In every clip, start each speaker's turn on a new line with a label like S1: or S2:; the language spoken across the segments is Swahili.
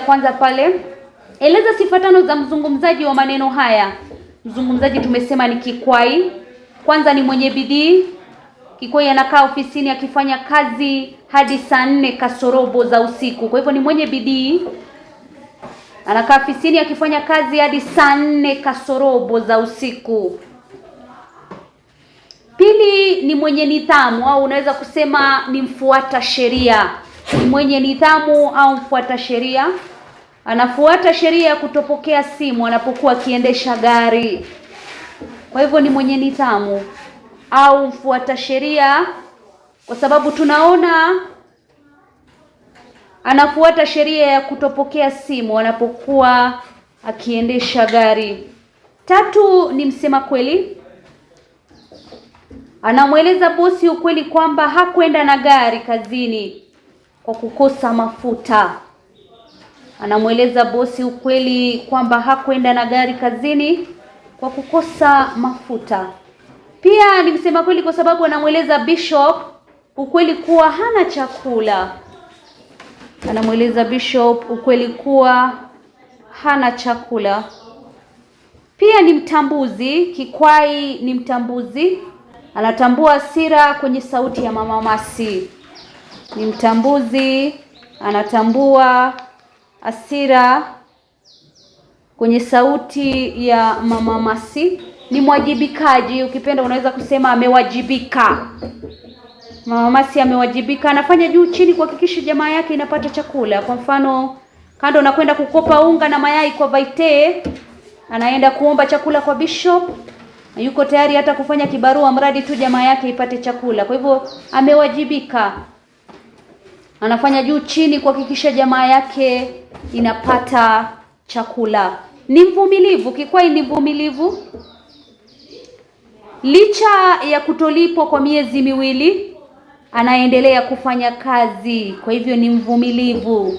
S1: Kwanza pale eleza sifa tano za mzungumzaji wa maneno haya. Mzungumzaji tumesema ni Kikwai. Kwanza ni mwenye bidii. Kikwai anakaa ofisini akifanya kazi hadi saa nne kasorobo za usiku, kwa hivyo ni mwenye bidii. Anakaa ofisini akifanya kazi hadi saa nne kasorobo za usiku. Pili ni mwenye nidhamu, au unaweza kusema ni mfuata sheria mwenye nidhamu au mfuata sheria anafuata sheria ya kutopokea simu anapokuwa akiendesha gari. Kwa hivyo ni mwenye nidhamu au mfuata sheria, kwa sababu tunaona anafuata sheria ya kutopokea simu anapokuwa akiendesha gari. Tatu ni msema kweli, anamweleza bosi ukweli kwamba hakwenda na gari kazini kwa kukosa mafuta. Anamweleza bosi ukweli kwamba hakwenda na gari kazini kwa kukosa mafuta. Pia ni msema kweli kwa sababu anamweleza Bishop ukweli kuwa hana chakula. Anamweleza Bishop ukweli kuwa hana chakula. Pia ni mtambuzi, Kikwai ni mtambuzi. Anatambua hasira kwenye sauti ya Mama Masi ni mtambuzi, anatambua asira kwenye sauti ya mama Masi. Ni mwajibikaji, ukipenda unaweza kusema amewajibika. Mama Masi amewajibika, anafanya juu chini kuhakikisha jamaa yake inapata chakula. Kwa mfano, kando na kwenda kukopa unga na mayai kwa Vaitee, anaenda kuomba chakula kwa Bishop, yuko tayari hata kufanya kibarua mradi tu jamaa yake ipate chakula. Kwa hivyo amewajibika anafanya juu chini kuhakikisha jamaa yake inapata chakula. Ni mvumilivu, kikweli ni mvumilivu. Licha ya kutolipwa kwa miezi miwili, anaendelea kufanya kazi, kwa hivyo ni mvumilivu.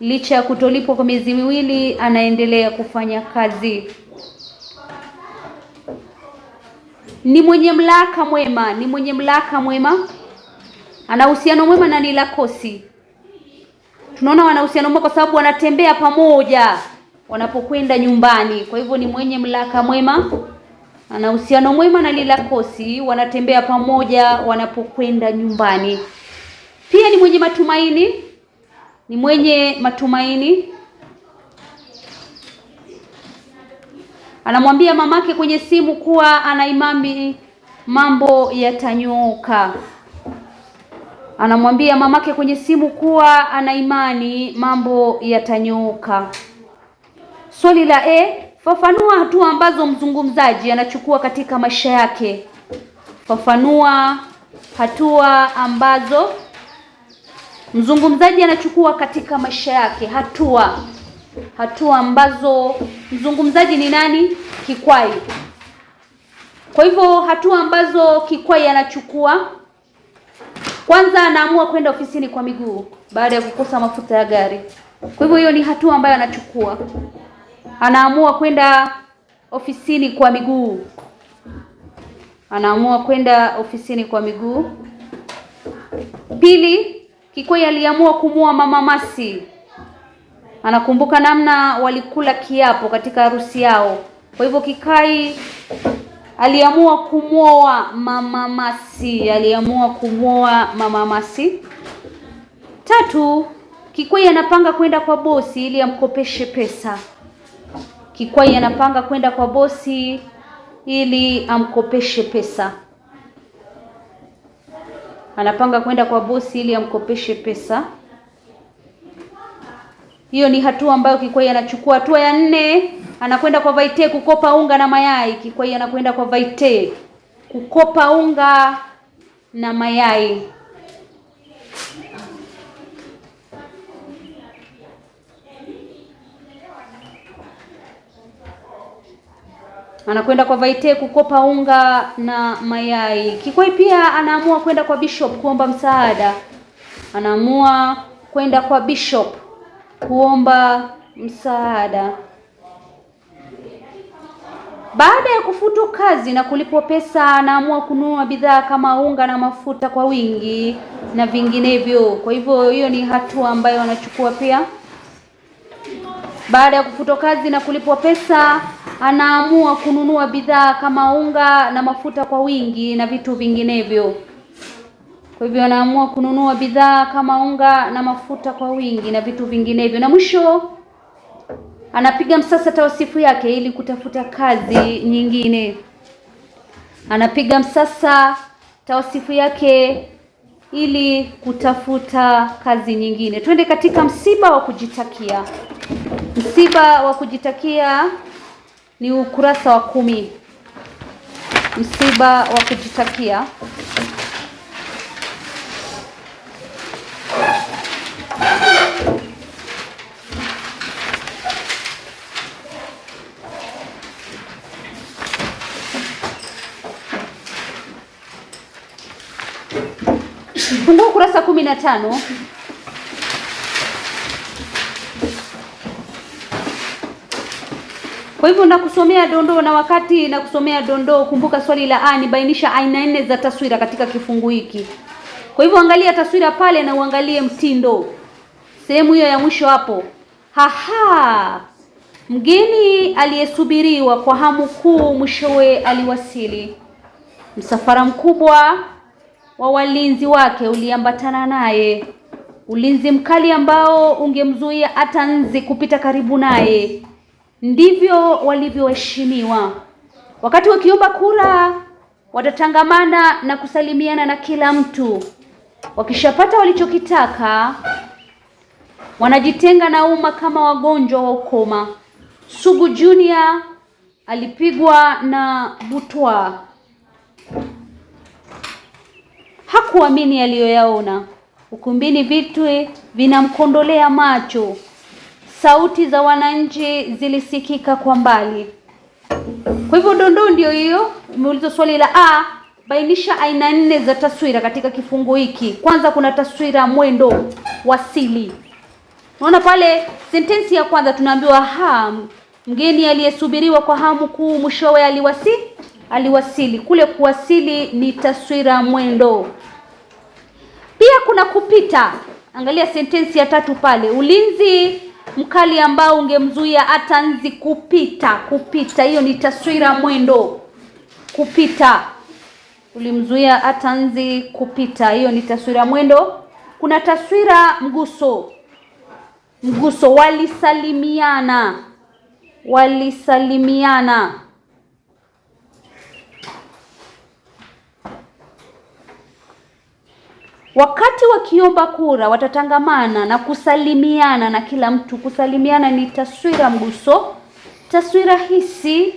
S1: Licha ya kutolipwa kwa miezi miwili, anaendelea kufanya kazi. Ni mwenye mlaka mwema, ni mwenye mlaka mwema ana uhusiano mwema na Nila Kosi. Tunaona wana uhusiano mwema kwa sababu wanatembea pamoja wanapokwenda nyumbani. Kwa hivyo ni mwenye mlaka mwema, ana uhusiano mwema na Lila Kosi, wanatembea pamoja wanapokwenda nyumbani. Pia ni mwenye matumaini, ni mwenye matumaini. Anamwambia mamake kwenye simu kuwa anaimani mambo yatanyooka anamwambia mamake kwenye simu kuwa ana imani mambo yatanyooka. Swali la e, fafanua hatua ambazo mzungumzaji anachukua katika maisha yake. Fafanua hatua ambazo mzungumzaji anachukua katika maisha yake. Hatua hatua ambazo mzungumzaji ni nani? Kikwai. Kwa hivyo hatua ambazo Kikwai anachukua kwanza anaamua kwenda ofisini kwa miguu baada ya kukosa mafuta ya gari. Kwa hivyo hiyo ni hatua ambayo anachukua, anaamua kwenda ofisini kwa miguu, anaamua kwenda ofisini kwa miguu. Pili, kikwai aliamua kumua Mama Masi. Anakumbuka namna walikula kiapo katika harusi yao, kwa hivyo Kikai aliamua kumwoa Mama Masi, aliamua kumwoa Mama Masi. Tatu, Kikwai anapanga kwenda kwa bosi ili amkopeshe pesa. Kikwai anapanga kwenda kwa bosi ili amkopeshe pesa, anapanga kwenda kwa bosi ili amkopeshe pesa. Hiyo ni hatua ambayo kikwai anachukua. Hatua ya nne, anakwenda kwa Vaite kukopa unga na mayai. kikwai anakwenda kwa Vaite kukopa unga na mayai. Anakwenda kwa Vaite kukopa unga na mayai. kikwai pia anaamua kwenda kwa Bishop kuomba msaada. Anaamua kwenda kwa Bishop kuomba msaada. Baada ya kufutwa kazi na kulipwa pesa, anaamua kununua bidhaa kama unga na mafuta kwa wingi na vinginevyo. Kwa hivyo hiyo ni hatua ambayo anachukua pia. Baada ya kufutwa kazi na kulipwa pesa, anaamua kununua bidhaa kama unga na mafuta kwa wingi na vitu vinginevyo. Kwa hivyo wanaamua kununua bidhaa kama unga na mafuta kwa wingi na vitu vinginevyo, na mwisho anapiga msasa tawasifu yake ili kutafuta kazi nyingine. Anapiga msasa tawasifu yake ili kutafuta kazi nyingine. Twende katika msiba wa kujitakia. Msiba wa kujitakia ni ukurasa wa kumi. Msiba wa kujitakia Ukurasa kumi na tano. Kwa hivyo nakusomea dondoo, na wakati nakusomea dondoo, kumbuka swali la a ni bainisha aina nne za taswira katika kifungu hiki. Kwa hivyo angalia taswira pale na uangalie mtindo sehemu hiyo ya mwisho hapo. Haha, mgeni aliyesubiriwa kwa hamu kuu mwishowe aliwasili. Msafara mkubwa wa walinzi wake uliambatana naye, ulinzi mkali ambao ungemzuia hata nzi kupita karibu naye. Ndivyo walivyoheshimiwa. Wakati wakiomba kura, watatangamana na kusalimiana na kila mtu. Wakishapata walichokitaka, wanajitenga na umma kama wagonjwa wa ukoma. Sugu Junior alipigwa na butwa hakuamini aliyoyaona. Ukumbini vitu vinamkondolea macho, sauti za wananchi zilisikika kwa mbali. Kwa hivyo dondoo ndio hiyo. Umeuliza swali la a, bainisha aina nne za taswira katika kifungu hiki. Kwanza kuna taswira mwendo wasili. Unaona pale sentensi ya kwanza tunaambiwa ha, mgeni aliyesubiriwa kwa hamu kuu mwishowe aliwasi aliwasili. Kule kuwasili ni taswira mwendo. Pia kuna kupita. Angalia sentensi ya tatu pale, ulinzi mkali ambao ungemzuia hata nzi kupita. Kupita hiyo ni taswira mwendo. Kupita ulimzuia hata nzi kupita, hiyo ni taswira mwendo. Kuna taswira mguso. Mguso, walisalimiana, walisalimiana. Wakati wakiomba kura watatangamana na kusalimiana na kila mtu. Kusalimiana ni taswira mguso, taswira hisi.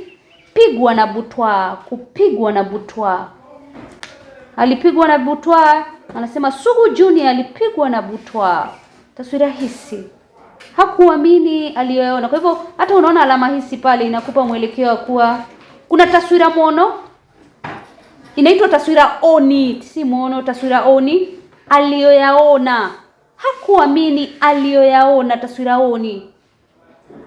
S1: Pigwa na butwa kupigwa na butwa Alipigwa na butwa, anasema Sugu Junior alipigwa na butwa, Taswira hisi, hakuamini aliyoona. Kwa hivyo hata unaona alama hisi pale inakupa mwelekeo wa kuwa kuna taswira mono, inaitwa taswira oni, si mono, taswira oni aliyoyaona, hakuamini aliyoyaona taswiraoni.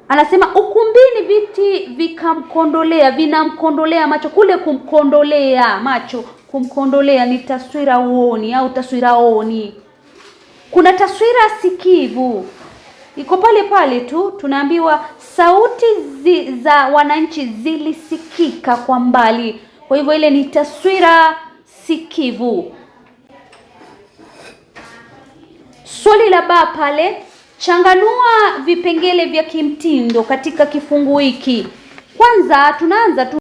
S1: Anasema ukumbini viti vikamkondolea, vinamkondolea macho. Kule kumkondolea macho, kumkondolea ni taswira uoni au taswira oni Kuna taswira sikivu iko pale pale tu, tunaambiwa sauti zi, za wananchi zilisikika kwa mbali. Kwa hivyo ile ni taswira sikivu. Swali la ba pale, changanua vipengele vya kimtindo katika kifungu hiki. Kwanza tunaanza tu